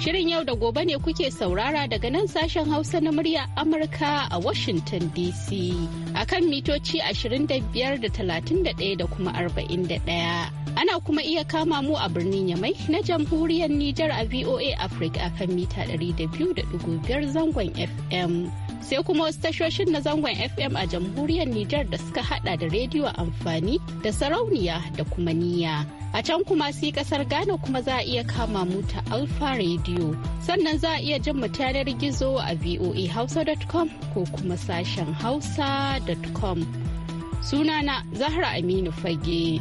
Shirin yau da gobe ne kuke saurara daga nan sashen Hausa na murya Amurka a Washington DC. Akan mitoci 25 da 31 da kuma 41. Ana kuma iya kama mu a birnin Yamai na jamhuriyar Nijar a VOA Africa kan mita 200.5 zangon FM. Sai kuma wasu tashoshin na zangon FM a jamhuriyar Nijar da suka hada da rediyo amfani da sarauniya da kuma niyya. A can kuma si kasar Ghana kuma za a iya kama mu ta Alfa Radio. Sannan za a iya jin mu yanar gizo a voahausa.com ko kuma sashen hausa.com. Sunana Zahra Aminu Fage.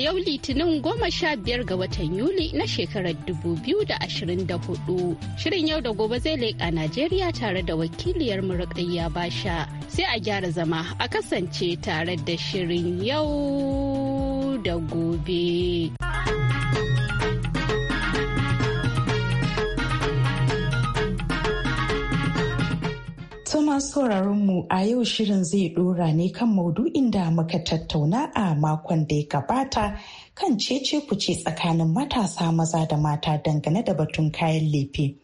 yau litinin goma sha biyar ga watan Yuli na shekarar dubu biyu da ashirin da hudu. Shirin yau da gobe zai leƙa Najeriya tare da wakiliyar murakayya Basha. Sai a gyara zama a kasance tare da shirin yau da gobe. masu sauraronmu a yau shirin zai dora ne kan maudu'in da muka tattauna a makon da ya gabata kan cece kuce tsakanin matasa maza da mata dangane da batun kayan lefe.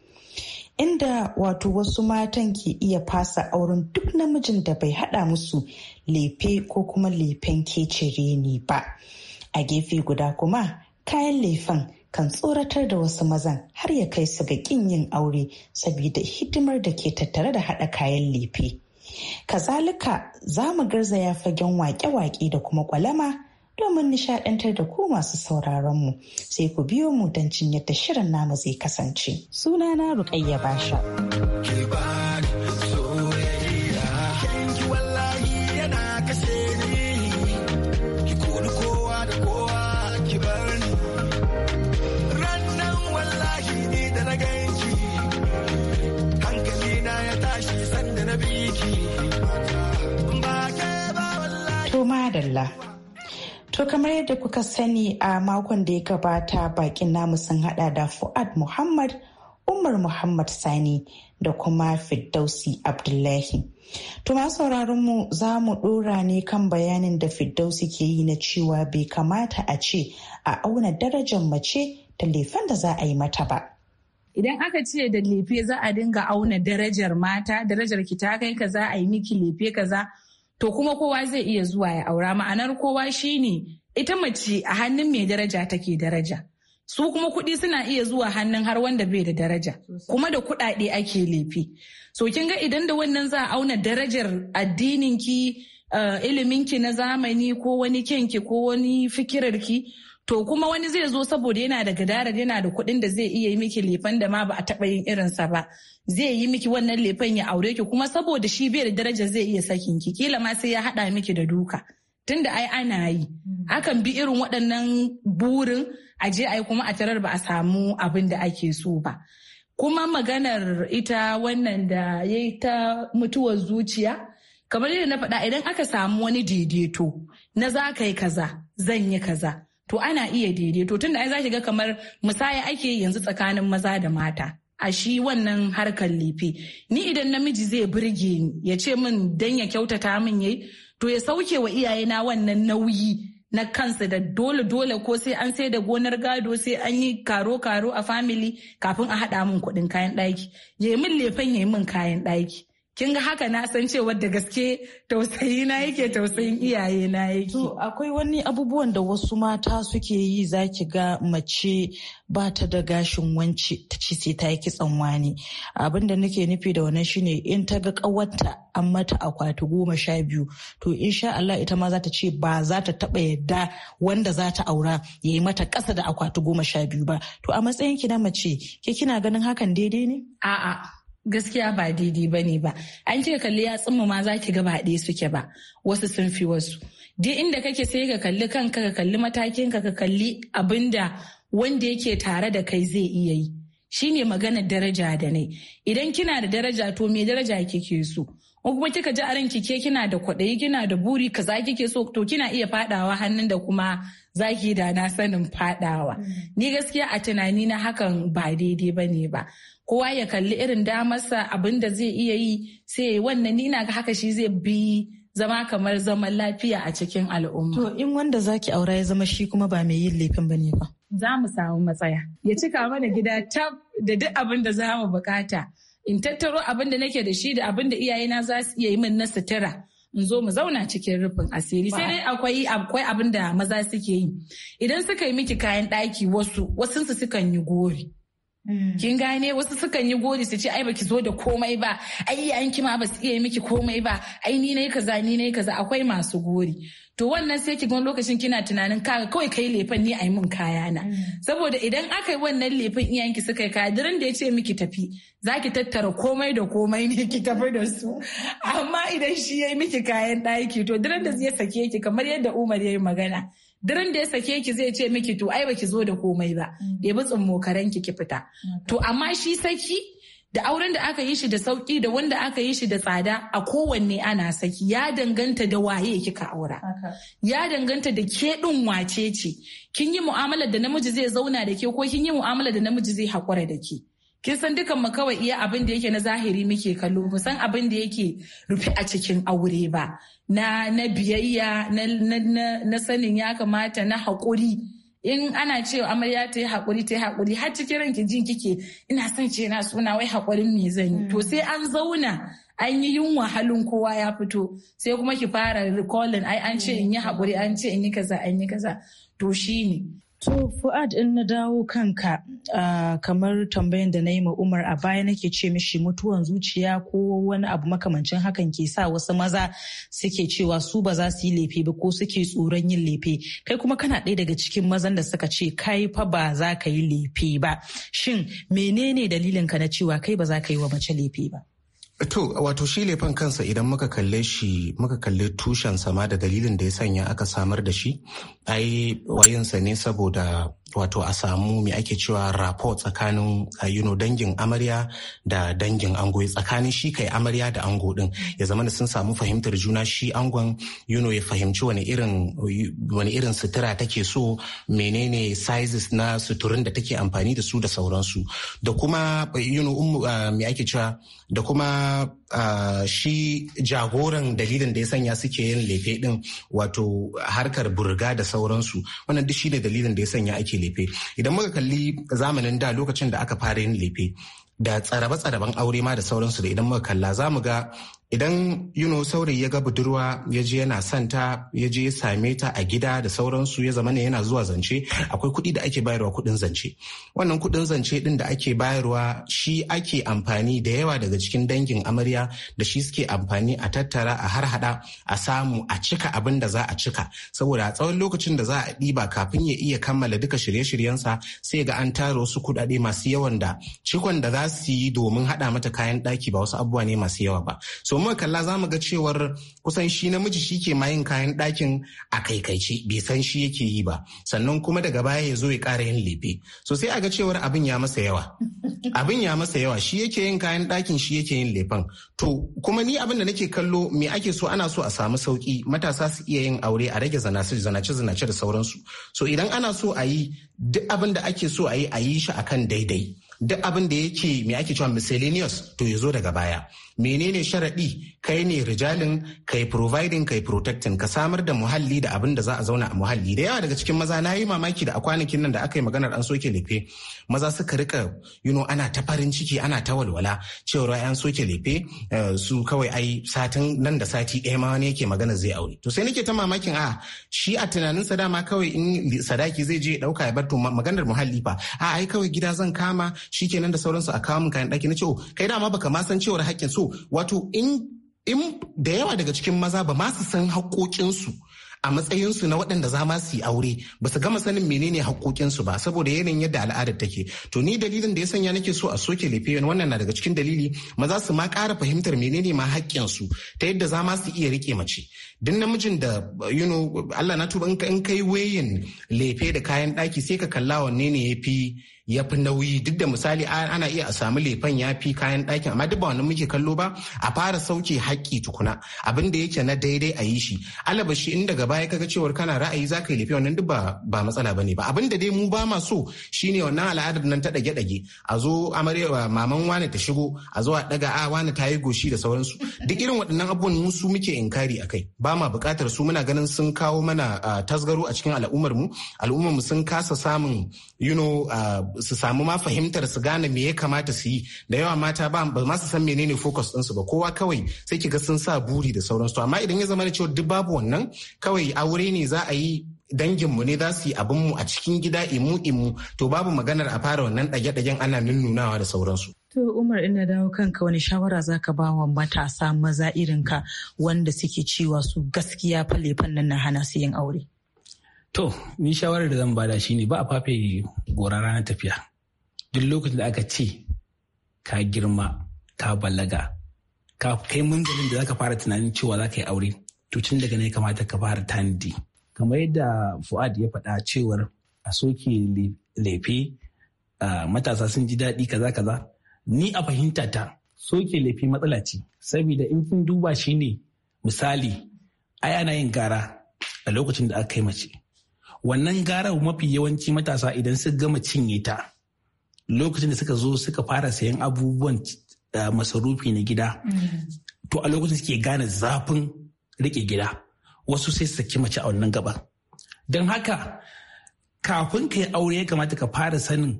Inda wato wasu matan ke iya fasa auren duk namijin da bai hada musu lefe ko kuma lefen kecere ne ba. A gefe guda kuma kayan lefen kan tsoratar da wasu mazan har ya kai su ga ƙin yin aure saboda hidimar da ke tattare da haɗa kayan lefe. Kazalika za mu garzaya fagen waƙe wake da kuma ƙwalama domin nishaɗantar da ku masu sauraron mu sai ku biyo mu don cin yadda shirin namu zai kasance. Sunana Rukayya Basha. madalla. To kamar yadda kuka sani a makon da ya gabata bakin namu sun hada da Fuad Muhammad, Umar Muhammad Sani da kuma Fiddausi Abdullahi. To sauraron mu za mu dora ne kan bayanin da Fiddausi ke yi na cewa bai kamata a ce a auna darajar mace ta laifin da za a yi mata ba. idan aka ce da lefe za a dinga auna darajar mata darajar ki ta kai kaza a yi miki lefe kaza to kuma kowa zai iya zuwa ya aura ma'anar kowa shine ita mace a hannun mai daraja take daraja su kuma kuɗi suna iya zuwa hannun har wanda bai da daraja kuma da kuɗaɗe ake lefi so kin ga idan da wannan za a auna darajar addininki uh, iliminki na zamani ko wani kyanki ko wani fikirarki to kuma wani zai zo saboda yana da gadarar yana da kuɗin da zai iya yi miki lefan da ma ba a taɓa yin irinsa ba zai yi miki wannan lefan ya aure ki kuma saboda shi bai da daraja zai iya sakin ki kila ma sai ya haɗa miki da duka tunda ai ana yi hmm. akan bi irin waɗannan burin a je ai kuma a tarar ba a samu abin da ake so ba kuma maganar ita wannan da ya yi ta mutuwar zuciya kamar yadda na faɗa idan aka samu wani daidaito na za ka yi kaza zan yi kaza to ana iya daidaito tunda ai za ki ga kamar musaya ake yanzu tsakanin maza da mata a shi wannan harkar lefe ni idan namiji zai birge ni ya ce min dan ya kyautata min yayi to ya sauke wa iyayena wannan nauyi na kansa da dole dole ko sai an sai da gonar gado sai an yi karo karo a family kafin a haɗa min kuɗin kayan ɗaki ya yi min lefen ya yi min kayan ɗaki kin ga haka na san cewa da gaske tausayi na yake tausayin iyaye na yake to akwai wani abubuwan da wasu mata suke yi zaki ga mace ba ta da gashin wanci ta ci sai ta yi kitsan wani abin da nake nufi da wannan shine in ta ga kawarta an mata akwati goma sha biyu to insha Allah ita ma za ta ce ba za ta taba yadda wanda za ta aura ya yi mata kasa da akwati goma sha biyu ba to a matsayin ki na mace ke kina ganin hakan daidai ne a'a gaskiya ba daidai ba ne ba an kika kalli yatsunmu ma za ki gaba ɗaya suke ba wasu sun fi wasu duk inda kake sai ka kalli kanka ka kalli matakin ka ka kalli abinda wanda yake tare da kai zai iya yi shine magana daraja da ne idan kina da daraja to me daraja kike so ko kuma kika ji a ranki ke kina da kwaɗayi kina da buri kaza kike so to kina iya fadawa hannun da kuma zaki da na sanin fadawa mm. ni gaskiya a tunani na hakan ba daidai bane ba kowa ya kalli irin damarsa abin da zai iya yi sai wannan ni na haka shi zai bi zama kamar zaman lafiya a cikin al'umma. To in wanda zaki aura ya zama shi kuma ba mai yin laifin bane ba. Za mu samu matsaya. Ya cika mana gida tab da duk abin da za mu bukata. In tattaro abin da nake da shi da abin da iyayena za su iya yi min na sutura. In zo mu zauna cikin rufin asiri. Sai dai akwai akwai abin da maza suke yi. Idan suka yi miki kayan ɗaki wasu wasunsu sukan yi gori. Mm. Kin gane wasu sukan yi gori su ce ai baki zo da komai ba, ai yayin ma ba su iya miki komai ba, ai ni nayi kaza ni nayi kaza akwai masu gori. To wannan sai ki lokacin kina tunanin kaga kawai kai lefan ni ai mun kaya na. Mm. Saboda idan aka yi wannan lefan iyayenki suka yi kaya duran da ya ce miki tafi, za ki tattara komai da komai ne ki tafi da su. Amma idan shi ya yi miki kayan ɗaki to duran da zai sake ki kamar yadda Umar ya yi magana. Dirin da ya sake ki zai ce miki to ai baki zo da komai ba. Mm. bi tsummokaran ki ki fita. Mm. To amma shi saki da auren da aka yi shi da sauki da wanda aka yi shi da tsada a kowanne ana saki ya danganta da waye kika aura ya danganta da ke din wace ce kin yi mu'amalar da namiji zai zauna da ke ko kin yi mu'amalar da namiji zai haƙura da ke kin san dukan mu kawai iya abin da yake na zahiri muke kallo mu san abin da yake rufe a cikin aure ba na na biyayya na na, na sanin ya kamata na hakuri in ana cewa amarya ta yi hakuri ta yi hakuri har cikin ranki jin kike ina son ce na suna wai hakurin me zan yi to sai an zauna an yi yunwa halin kowa ya fito sai kuma ki fara recalling ai an ce in yi hakuri an ce in yi kaza an yi kaza to shine To Fuad in na dawo kanka uh, kamar tambayan da na yi ma Umar a baya nake ce mishi mutuwan zuciya ko wani abu makamancin hakan ke sa wasu maza suke cewa su ba za su yi lefe ba ko suke tsoron yin lefe kai kuma kana ɗaya daga cikin mazan da suka ce kai fa ba za ka yi lefe ba shin menene dalilin ka na cewa kai ba za ka yi wa mace lefe ba? To wato shi laifin kansa idan muka kalle shi muka kalle tushen sama da dalilin da ya sanya aka samar da shi ai wayinsa ne saboda wato a samu mai ake cewa rapo tsakanin uh, you dangin amarya da dangin ango tsakanin shi kai amarya da ango din ya zama da sun samu fahimtar juna shi angon you ya fahimci wani irin wani irin sutura take so menene sizes na suturin da take amfani da su da sauransu da kuma you mai um, uh, ake cewa da kuma uh, shi jagoran dalilin da ya sanya suke yin lefe din wato harkar burga da sauransu wannan duk shi ne dalilin da ya sanya ake lefe idan muka kalli zamanin da lokacin da aka fara yin lefe da tsarabe-tsaraben aure ma da sauransu da idan muka kalla za mu ga idan yuno saurayi ya ga budurwa ya je yana santa ya je same ta a gida da sauransu ya zama ne yana zuwa zance akwai kuɗi da ake bayarwa kuɗin zance wannan kuɗin zance ɗin da ake bayarwa shi ake amfani da yawa daga cikin dangin amarya da shi suke amfani a tattara a harhaɗa a samu a cika abin da za a cika saboda a tsawon lokacin da za a ɗiba kafin ya iya kammala duka shirye-shiryensa sai ga an tara wasu kuɗaɗe masu yawan da cikon da za su yi domin haɗa mata kayan ɗaki ba wasu abubuwa ne masu yawa ba so to kalla za mu ga cewar kusan shi namiji shi ke mayin kayan ɗakin a kaikaice bai san shi yake yi ba sannan kuma daga baya ya zo ya ƙara yin lefe so sai a ga cewar abin ya masa yawa abin ya masa yawa shi yake yin kayan ɗakin shi yake yin lefen to kuma ni abin da nake kallo me ake so ana so a samu sauki matasa su iya yin aure a rage zanace zanace zanace da sauransu so idan ana so a yi duk abin da ake so a yi a yi shi akan daidai duk abin da yake me ake cewa miscellaneous to ya zo daga baya menene sharaɗi kai ne rijalin kai providing kai protecting ka samar da muhalli da abin da za a zauna a muhalli da yawa daga cikin maza na yi mamaki da a kwanakin nan da aka yi maganar an soke lefe maza suka rika you know ana ta farin ciki ana ta walwala cewa an soke lefe eh, su kawai ai satin nan da sati ɗaya ma wani yake magana zai aure to sai nake ta mamakin a shi a tunaninsa dama kawai in sadaki zai je ɗauka ya bar to maganar muhalli fa a ai kawai gida zan kama shikenan da sauransu a kawo mun kayan ɗaki na ce oh, kai dama baka ma san cewar haƙƙin so wato in in da yawa daga cikin maza ba ma su san haƙoƙinsu a matsayinsu na waɗanda za ma su yi aure ba su gama sanin menene haƙoƙinsu ba saboda yanayin yadda al'adar take to ni dalilin da ya sanya nake so a soke lefe wannan na daga cikin dalili maza su ma ƙara fahimtar menene ma haƙƙinsu ta yadda za ma su iya rike mace duk namijin da you know Allah na tuba in kai wayin lefe da kayan ɗaki sai ka kalla wanne ne ya fi ya fi nauyi duk da misali ana iya a samu lefan ya fi kayan ɗakin amma duk ba wannan muke kallo ba a fara sauke haƙƙi tukuna abin da yake na daidai a yi shi alaba shi in daga baya kaga cewar kana ra'ayi za ka yi lefe wannan duk ba matsala ba ne ba abin da dai mu ba ma so shine wannan al'adar nan ta ɗage-ɗage a zo amarewa maman wani ta shigo a zo a ɗaga a wani ta yi goshi da sauransu duk irin waɗannan abubuwan mu su muke inkari akai ba ma buƙatar su muna ganin sun kawo mana tasgaro a cikin al'ummar mu al'ummar mu sun kasa samun you know su samu ma fahimtar su gane me ya kamata su yi da yawa mata ba ma su san menene focus ɗinsu ba kowa kawai sai ki ga sun sa buri da sauransu amma idan ya zama na cewa duk babu wannan kawai aure ne za a yi mu ne za su yi abinmu a cikin gida imu imu to babu maganar a fara wannan ɗage-ɗagen ana nunnunawa da sauransu. To Umar ina dawo kanka wani shawara zaka ba wa matasa maza irinka wanda suke cewa su gaskiya fale nan na hana su yin aure. To, ni shawarar da zan bada ne ba a fafe gora ranar tafiya. Duk lokacin da aka ce ka girma, ka balaga, ka kai munzalin da zaka fara tunanin cewa za ka yi aure, to tun daga ne kamata ka fara tanadi. Kamar yadda Fuad ya faɗa cewar a soke lefe matasa sun ji daɗi kaza kaza. Ni a fahimta ta soke lefe matsala ce, saboda in kun duba shi ne misali, ai ana yin gara a lokacin da aka kai mace. wannan garar mafi yawanci matasa idan suka gama cinye ta lokacin da suka zo suka fara sayan abubuwan eh, masarufi na gida mm-hmm. to a lokacin suke gane zafin rike gida wasu sai su saki mace a wannan gaba don haka kafin ka yi aure ya kamata ka fara sanin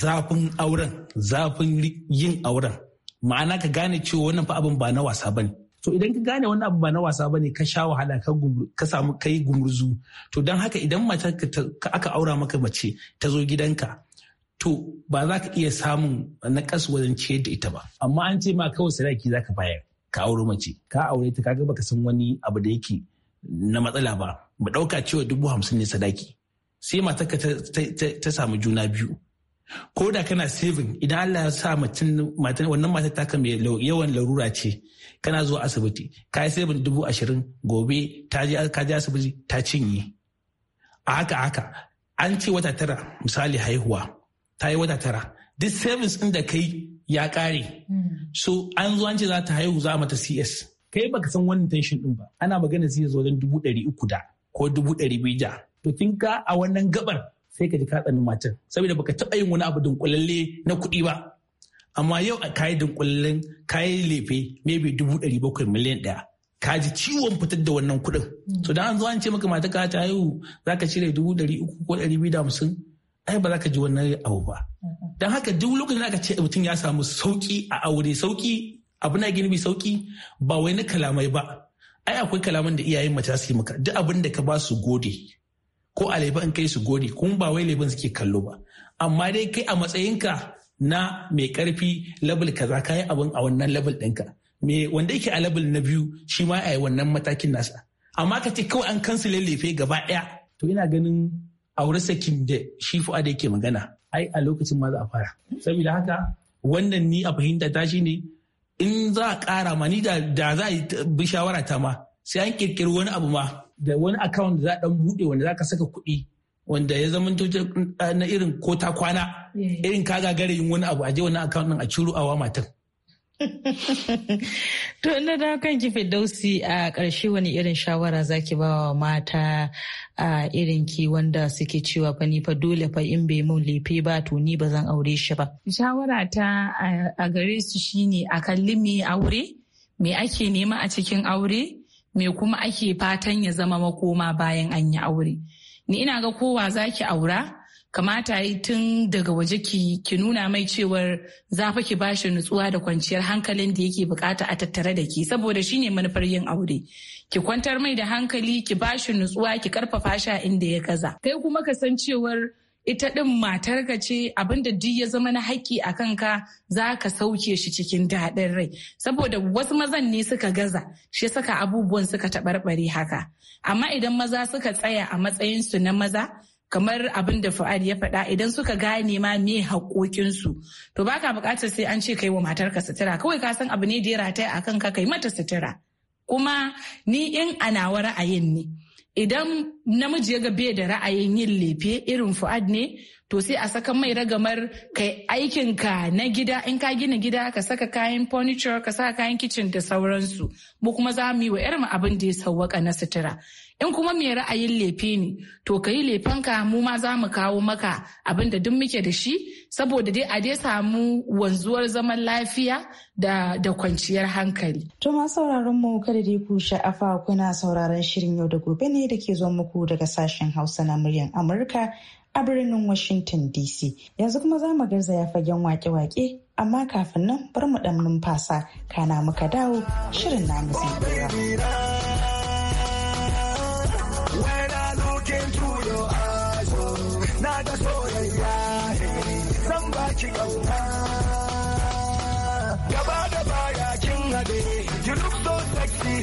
zafin auren zafin yin auren ma'ana ka gane cewa wannan fa abin ba na wasa bane To idan ka gane wani abu ba na wasa bane ka sha wahala ka samu kai gumurzu to don haka idan ka aka aura maka mace ta zo gidanka to ba za ka iya samun naƙas wajen ciyar da ita ba amma an ce ma kawai sadaki za ka bayar ka aure mace ka aure ta kaga baka san wani abu da yake na matsala ba mu ɗauka cewa dubu hamsin ne sadaki sai matarka ta samu juna biyu ko da kana saving idan Allah ya sa mutum wannan matar taka mai yawan larura ce kana zuwa asibiti ka yi saving dubu ashirin gobe ta je asibiti ta cinye a haka haka an ce wata tara misali haihuwa ta yi wata tara duk savings ɗin da kai ya kare hmm. so an zo an ce za ta haihu za mata cs kai baka san wannan tension ɗin ba ana magana zai zo dan dubu ɗari uku da ko dubu ɗari biyu da to kin ga a wannan gabar sai ka ji ka tsanin matar saboda baka taɓa yin wani abu dunkulalle na kuɗi ba amma yau a kayi dunkulallen kayi lefe maybe dubu ɗari bakwai miliyan ɗaya ka ji ciwon fitar da wannan kuɗin to mm. da an zo an ce maka mata ka ta haihu za ka cire dubu ɗari uku ko ɗari biyu da hamsin ai ba za ka ji wannan abu ba dan haka duk lokacin da aka ce mutum ya samu sauki a aure sauki abu na gini sauki ba wai na kalamai ba ai akwai kalaman da iyayen mace su yi maka duk abin da ka ba su gode ko a laifin kai su gode kuma ba wai laifin suke kallo ba amma dai kai a matsayinka na mai karfi level kaza kayi abin a wannan level ɗinka me wanda yake a level na biyu shi ma a yi wannan matakin nasa amma ka ce kawai an kansu lefe gaba ɗaya to ina ganin aure sakin da shi fu'a da yake magana ai a lokacin ma za a fara saboda haka wannan ni a fahimta ta shi ne in za a ƙara ma ni da za a yi bi shawara ta ma sai an kirkiri wani abu ma da wani account za a dan bude wanda za ka saka kuɗi wanda ya zama ah, na irin ko ta kwana irin ka gagare yin wani abu a je wani account din a ciro awa matan. To na da kan ki a ƙarshe wani irin shawara zaki ba wa mata a irin ki wanda suke cewa fa ni fa dole fa in bai mun lefe ba to ni ba zan aure shi ba. Shawara ta a gare su shine a kalli me aure me ake nema a cikin aure me kuma ake fatan ya zama makoma bayan an yi aure ni ina ga kowa za ki aura kamata yi tun daga waje ki nuna mai cewar za fa ki bashi nutsuwa da kwanciyar hankalin da yake bukata a tattare da ki saboda shine manufar yin aure ki kwantar mai da hankali ki bashi nutsuwa ki karfafa sha inda ya gaza kai kuma ka san cewar. ita ɗin matarka ce abinda duk ya zama na haƙƙi a kanka za ka sauke shi cikin daɗin rai saboda wasu mazan ne suka gaza shi saka abubuwan suka taɓarɓare haka amma idan maza suka tsaya a matsayinsu na maza kamar abin da fa'ad ya faɗa idan suka gane ma me haƙoƙinsu to baka buƙatar sai an ce kai wa matarka sutura kawai ka san abu ne da ya rataya a kanka kai mata sutura kuma ni in a nawa ra'ayin ne idan namiji ya ga bai da ra'ayin yin lefe irin fu'ad ne to sai a saka mai ragamar kai aikin ka na gida in ka gina gida ka saka kayan furniture ka saka kayan kicin da sauransu mu kuma za mu yi wa irin abin da ya sauwaka na sutura in kuma mai ra'ayin lefe ne to ka yi ka mu ma za mu kawo maka abin da duk muke da shi saboda dai a dai samu wanzuwar zaman lafiya da, da kwanciyar hankali. To ma sauraron mu kada dai ku sha'afa kuna sauraron shirin yau da gobe ne da ke zo muku daga sashen Hausa na muryar Amurka a birnin Washington DC. Yanzu kuma za mu garzaya fagen wake-wake amma kafin nan bar mu dan numfasa kana muka dawo shirin namu oh, Zan gaba da baya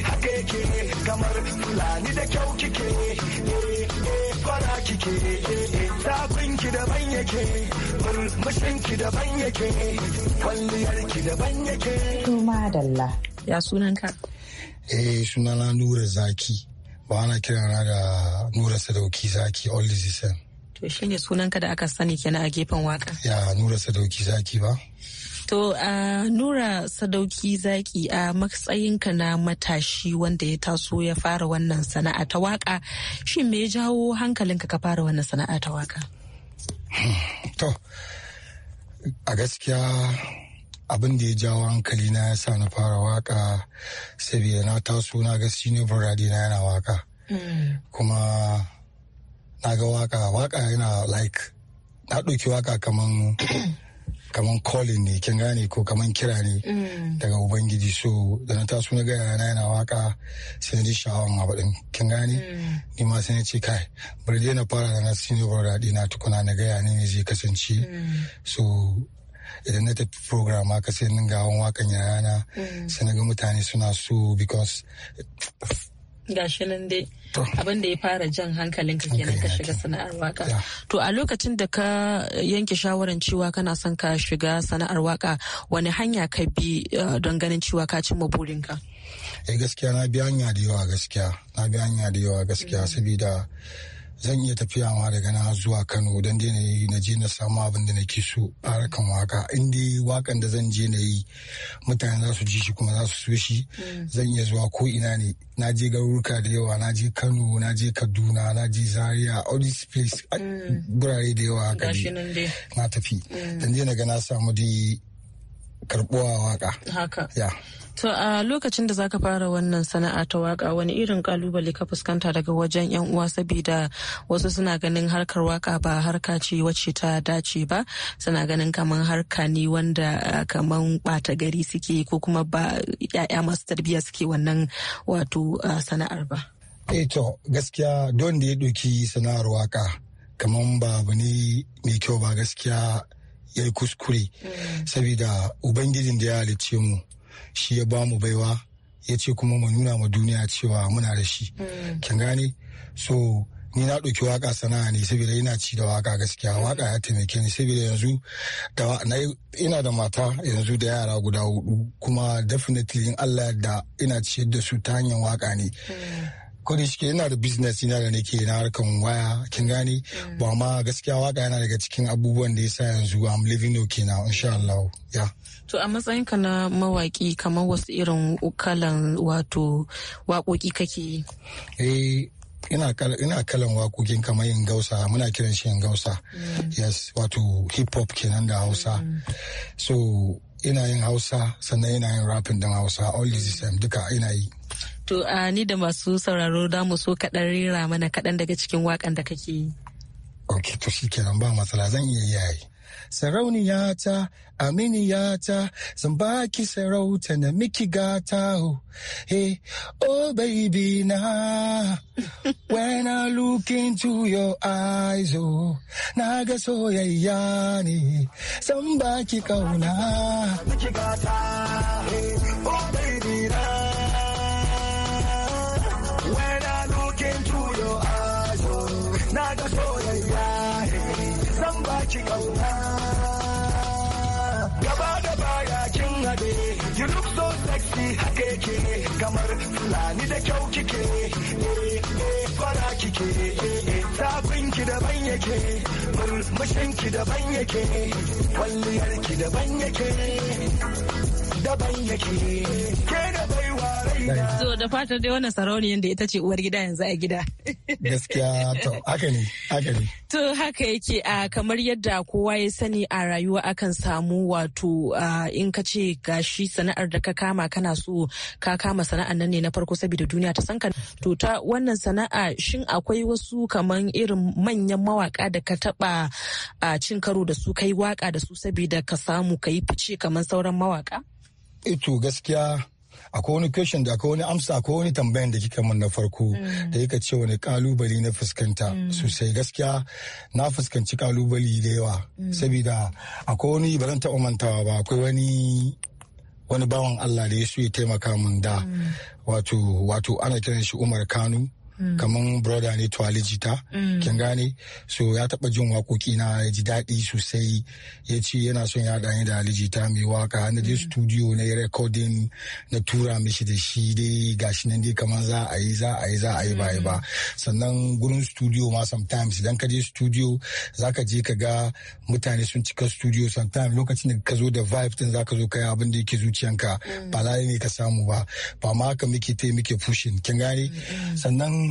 haka yake kamar fulani da kyau kike eh eh fara kike eh eh zafin daban yake murmushin daban yake kwalliyarki daban yake to madalla ya sunanka eh sunana Nura Zaki ba ana kirana da Nura Sadauki Zaki all the same to shine sunanka da aka sani kenan a gefen waka ya Nura Sadauki Zaki ba To a Nura Sadauki Zaki a matsayinka na matashi wanda ya taso ya fara wannan sana'a ta waka shi me ya jawo hankalinka ka fara wannan sana'a ta waka? to a gaskiya abin da ya jawo hankali na ya sa na fara waka saboda na taso na ga senior brother na yana waka mm. kuma na ga waka waka yana like na ɗauki waka kaman kaman calling ne kin gane ko kaman kira ne mm. daga ubangiji so da na taso na ga yana yana waka sai ji sha'awan abu din kin gane mm. ni ma sai na ce kai bari dai na fara da na bar daɗi na tukuna na gaya ne ne zai kasance mm. so idan na tafi program haka sai ninga wakan yana sai na ga mutane suna so because gashi nan dai abin da ya fara jan hankalin ka kenan ka shiga sana'ar waka to a lokacin da ka yanke shawaran cewa kana son ka shiga sana'ar waka wani hanya ka bi eh, don ganin cewa ka cimma burinka eh gaskiya na bi hanya da yawa gaskiya na bi hanya da yawa gaskiya mm. saboda zan iya tafiya ma daga na zuwa kano don je na yi na je na samu abin da na ke so a harkan waka in dai wakan da zan je na yi mutane za su ji shi kuma za su so shi mm. zan iya zuwa ko ina ne na je garuruka da yawa na je kano na je kaduna na je zaria all this place burare mm. da yawa haka na tafi dan mm. je na ga na samu dai karbuwa waka haka ya to a lokacin da zaka fara wannan sana'a ta waka wani irin kalubale ka fuskanta daga wajen yan uwa saboda wasu suna ganin harkar waka ba harka ce wacce ta dace ba suna ganin kamar harka ne wanda eh, kamar bata gari suke ko kuma ba ya'ya masu tarbiyya suke wannan wato eh, sana'ar ba eh to gaskiya don da ya doki sana'ar waka kamar ba abu ne mai kyau ba gaskiya ya yi kuskure mm. saboda ubangijin da ya halicce mu shi ya ba mu baiwa ya ce kuma mu nuna ma duniya cewa muna da shi mm. kin gane so ni na ɗauki waka sana'a ne saboda ina ci da waka gaskiya mm. waka ya taimake ni saboda yanzu da ina da mata yanzu da yara guda hudu kuma definitely in Allah da ina ciyar da su ta hanyar waka ne ko shi ke ina da business ina da nake na harkan waya kin gane mm. ba ma gaskiya waka yana daga cikin abubuwan da yasa yanzu am living okay now insha Allah ya to a matsayin ka na mawaki kamar wasu irin kalan wato waƙoƙi kake eh ina kalan wakokin kamar yin gausa muna kiran shi yin gausa mm. yes wato hip hop kenan da hausa mm. so ina yin hausa sannan ina yin rapping din hausa all the time duka ina yi To a ni da masu sauraro da mu so kaɗan rera mana kaɗan daga cikin waƙan da kake yi. Ok, to shi kenan ba matsala zan iya yayi. ta, Sarauniyata, ta, zan baki sarauta na miki gata Hey, oh baby na, when I look into your eyes, oh, na ga soyayya ne, zan baki kauna. Miki gata, hey, oh baby na. da kyau kike eh eh fara kike eh ki da ban yake murmushin ki daban yake kwalliyar ki ban yake daban yake da baiwa raina so da fatan dai wannan sarauniyar da ita ce uwar gida yanzu a gida gaskiya to haka ne haka ne to haka yake a kamar yadda kowa ya sani a rayuwa akan samu wato in ka ce gashi sana'ar da ka kama kana so ka kama sana'ar nan ne na farko saboda duniya ta san ka to ta wannan sana'a shin akwai wasu kamar irin manyan mawaka da ka taba a cin karo da su kai waka da su saboda ka samu ka yi fice kamar sauran mawaka ito eh, gaskiya akwai wani question da akwai wani amsa akwai wani tambayan da kika mun na farko mm. da kika ce wani kalubale na fuskanta mm. sosai gaskiya na fuskanci kalubali da yawa mm. saboda akwai wani ba zan taba mantawa ba akwai wani wani bawan Allah da ya so ya taimaka mun da wato wato ana kiran shi Umar kano Mm. kaman broda ne tuwali alijita. Mm. kin gane so ya taba jin wakoki na ya ji daɗi sosai ya ce yana son ya ni da alijita mai waka na je mm. studio na yi recording na tura mishi da shi dai gashi nan dai kaman za a yi za a yi za a yi ba ba sannan gurin studio ma sometimes idan ka je studio za ka je ka ga mutane sun cika studio sometimes lokacin da ka zo da vibe din za ka zo ka yi abin da yake zuciyanka ba lalle ne ka samu ba ba ma haka muke tai muke pushing kin gane sannan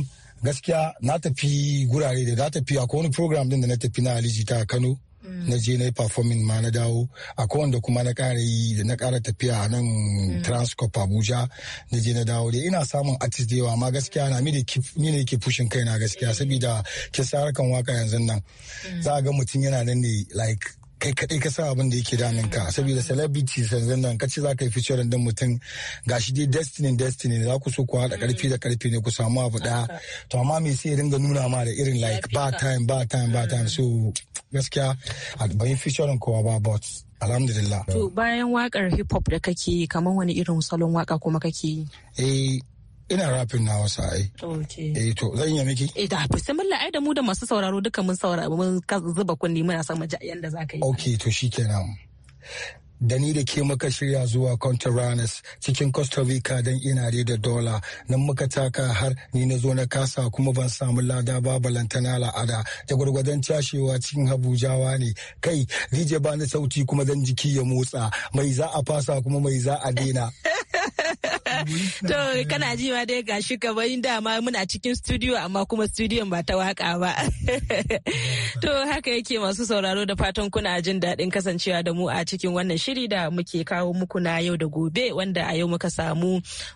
gaskiya na tafi gurare da na tafi akwai wani program din da na tafi na aliji ta kano mm. na je na yi performing ma na dawo akwai wanda kuma na kara yi da na kara tafiya a nan mm. transcorp abuja na je na dawo da ina samun artist da yawa amma gaskiya na ni ne yake pushin kaina gaskiya saboda kisa harkan waka yanzu nan mm. za a ga mutum yana nan ne like kai kadai ka sa abin da yake damin ka saboda celebrity sanzan nan kace za ka yi featuring din mutum gashi dai destiny destiny za ku so ku haɗa karfi da karfi ne ku samu abu ɗaya to amma me sai ringa nuna ma da irin like ba time ba time ba time so gaskiya ban yi featuring kowa ba but alhamdulillah to bayan wakar hip hop da kake kamar wani irin salon waka kuma kake yi eh ina rafin na wasu ai. Eh to zan yi miki. Eh da sai bismillah ai da mu da masu sauraro duka mun saurara mun zuba kunni muna son mu ji yanda za ka yi. Okay to shikenan. Da ni da ke muka shirya zuwa Contreras cikin Costa Rica don inare da dola nan muka taka har ni na zo na kasa kuma ban samu lada ba balantana la'ada da gwargwadon cashewa cikin habujawa ne kai DJ ba na sauti kuma dan jiki ya motsa mai za a fasa kuma mai za a daina. to kana ji ma dai gashi kamar dama muna cikin studio amma kuma studio ba ta waka ba to haka yake masu sauraro da fatan kuna jin daɗin kasancewa da mu a cikin wannan shiri da muke kawo muku na yau da gobe wanda a yau muka samu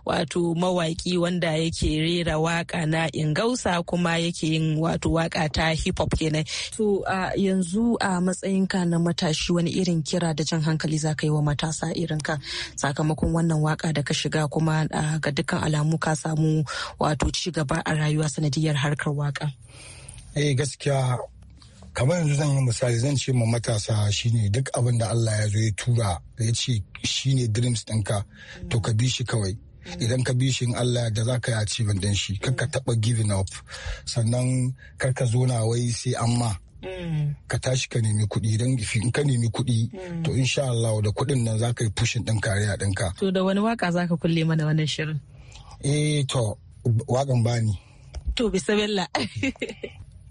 wato mawaki wanda yake rera waka na ingausa kuma yake yin wato waka ta hip hop kenan to yanzu a matsayin matsayinka na matashi wani irin kira da jan hankali za ka yi wa matasa irin ka sakamakon wannan waka da ka shiga kuma ga dukkan alamu ka samu wato ci gaba a rayuwa sanadiyar harkar waka eh gaskiya kamar yanzu zan yi misali zan ce ma matasa shine duk abin da Allah ya zo ya tura ya ce shine dreams ɗinka to ka bi shi kawai idan ka bi shi in Allah da za ka yi achievement din shi kar ka taɓa giving up sannan kar ka zo na wai sai amma ka tashi ka nemi kuɗi don in ka nemi kuɗi mm. to insha Allah da kuɗin nan za ka yi pushin ɗin kariya ɗinka. To da wani waka za ka kulle mana wannan shirin? Eh to wakan bani. To bella.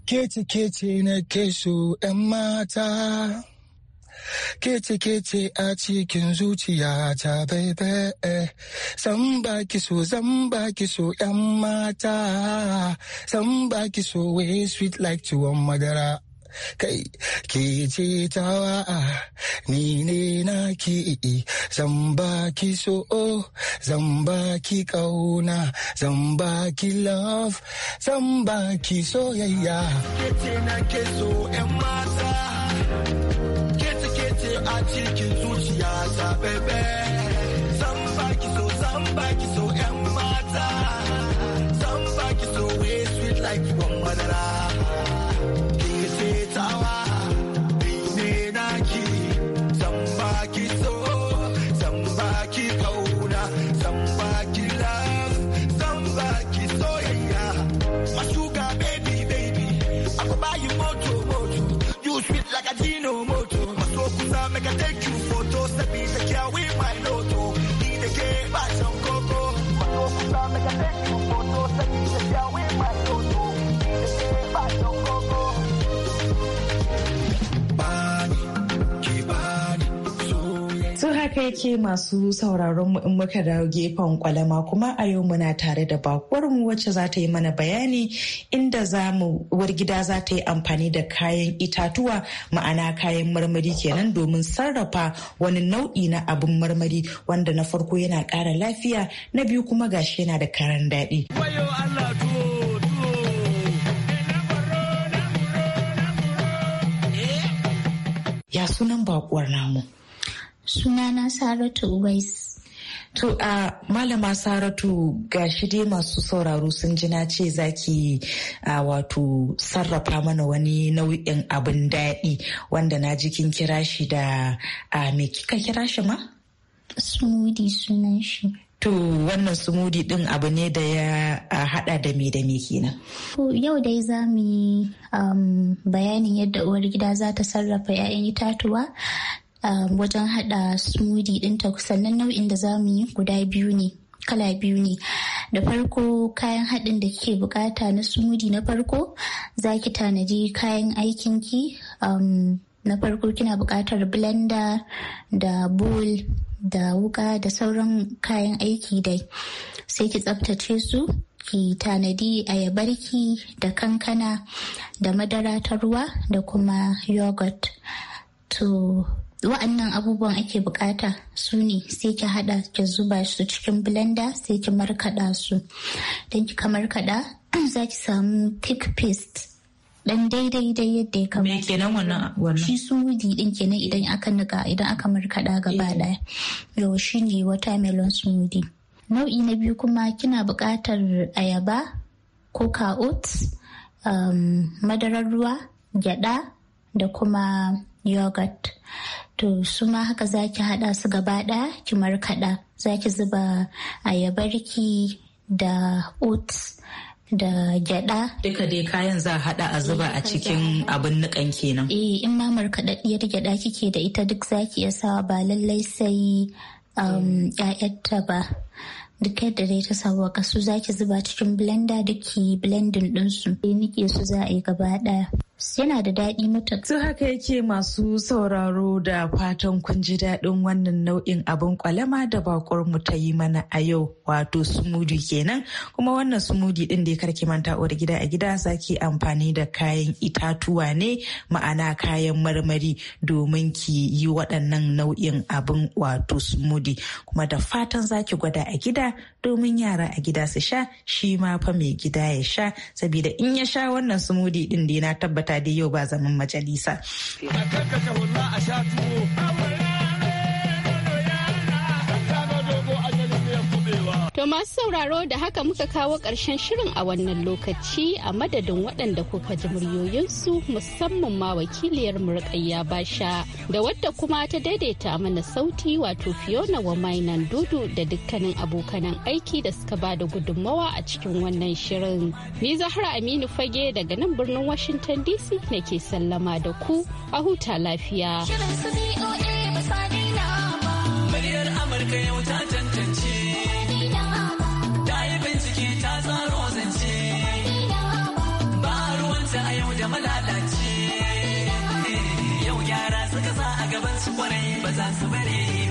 kece kece na keso ƴan mata. Kece kece a cikin zuciya ta baibe san baki so san baki so yan mata san baki so we sweet like tuwon madara kai ke ce tawa'a ni ne na ki zan ba ki so zan ba ki kauna zan ba ki love zan ba ki soyayya Kete na ke so yan mata kete kece a cikin zuciya zabebe zan ba ki so zan ba ki so ke masu sauraron mu in muka dawo gefen kwalama kuma a yau muna tare da bakuwar mu wacce za ta yi mana bayani inda za mu gida za ta yi amfani da kayan itatuwa ma'ana kayan marmari kenan domin sarrafa wani nau'i na abin marmari wanda na farko yana kara lafiya na biyu kuma gashi yana da karan daɗi. Ya sunan bakuwar namu. sunana saratu uwais To a malama Saratu ga shi dai masu sauraro sun ji na ce ki uh, wato sarrafa mana wani nau'in abin daɗi wanda na ji kin kira shi da uh, me kika kira shi ma? Smoothie sunan shi. To wannan smoothie ɗin abu ne da ya haɗa da me da me kenan. Yau dai za mu yi um, bayanin yadda uwar gida za ta sarrafa 'ya'yan itatuwa Um, wajen hada smoothie dinta sannan nau'in da za mu yi guda biyu ne kala biyu ne da farko kayan haɗin da kike bukata na smoothie na farko za ki tanadi kayan aikinki um, na farko kina bukatar blender da bowl da wuka da sauran kayan aiki dai sai ki tsaftace su ki tanadi ayabarki da kankana da madara ta ruwa da kuma yogurt to wa'annan abubuwan ake bukata su ne sai ki hada ki zuba su cikin blender sai ki markada su don kamar kada za ki samu thick paste dan daidai dai yadda ya kamar Me kenan wannan wannan? Shi smoothie din kenan idan aka nika idan aka markada gaba eh. daya. Yau shine watermelon smoothie. Nau'i na biyu kuma kina bukatar ayaba, coca oats, um, madarar ruwa, gyada da kuma yogurt. to su ma haka za ki haɗa su gaba ɗaya ki markaɗa ki zuba ayabarki da oats da gyada. Duka dai kayan za a hada a zuba a cikin abin nikan kenan. Eh in ma markaɗaɗɗiyar gyada kike da ita duk zaki iya sawa ba lallai sai ‘ya'yarta um, ba. Duk yadda dai ta ka su ki zuba cikin blender duk ki blending ɗinsu. Sai nike su za a yi gaba ɗaya. yana da daɗi mutum. Su haka yake masu sauraro da fatan kun ji daɗin wannan nau'in abin kwalama da bakwar mu ta yi mana a yau wato sumudi kenan kuma wannan sumudi ɗin da ya karki manta uwar gida a gida zaki amfani da kayan itatuwa ne ma'ana kayan marmari domin ki yi waɗannan nau'in abin wato sumudi kuma da fatan zaki gwada a gida domin yara a gida su sha shi ma fa mai gida ya sha saboda in ya sha wannan sumudi ɗin da na tabbata tabbata dai yau ba zaman majalisa. To masu sauraro da haka muka kawo ƙarshen shirin a wannan lokaci a madadin waɗanda kuka ji muryoyinsu musamman ma wakiliyar murƙayya basha da wadda kuma ta daidaita mana sauti wato Fiona wa mainan dudu da dukkanin abokanan aiki da suka ba da gudunmawa a cikin wannan shirin. Ni Zahra Aminu Fage daga nan birnin Washington DC nake sallama da ku a huta lafiya. Shirin su ba Amurka yau ta tantance. zama eh, yau yara suka sa a gaban su kwarai ba za su bare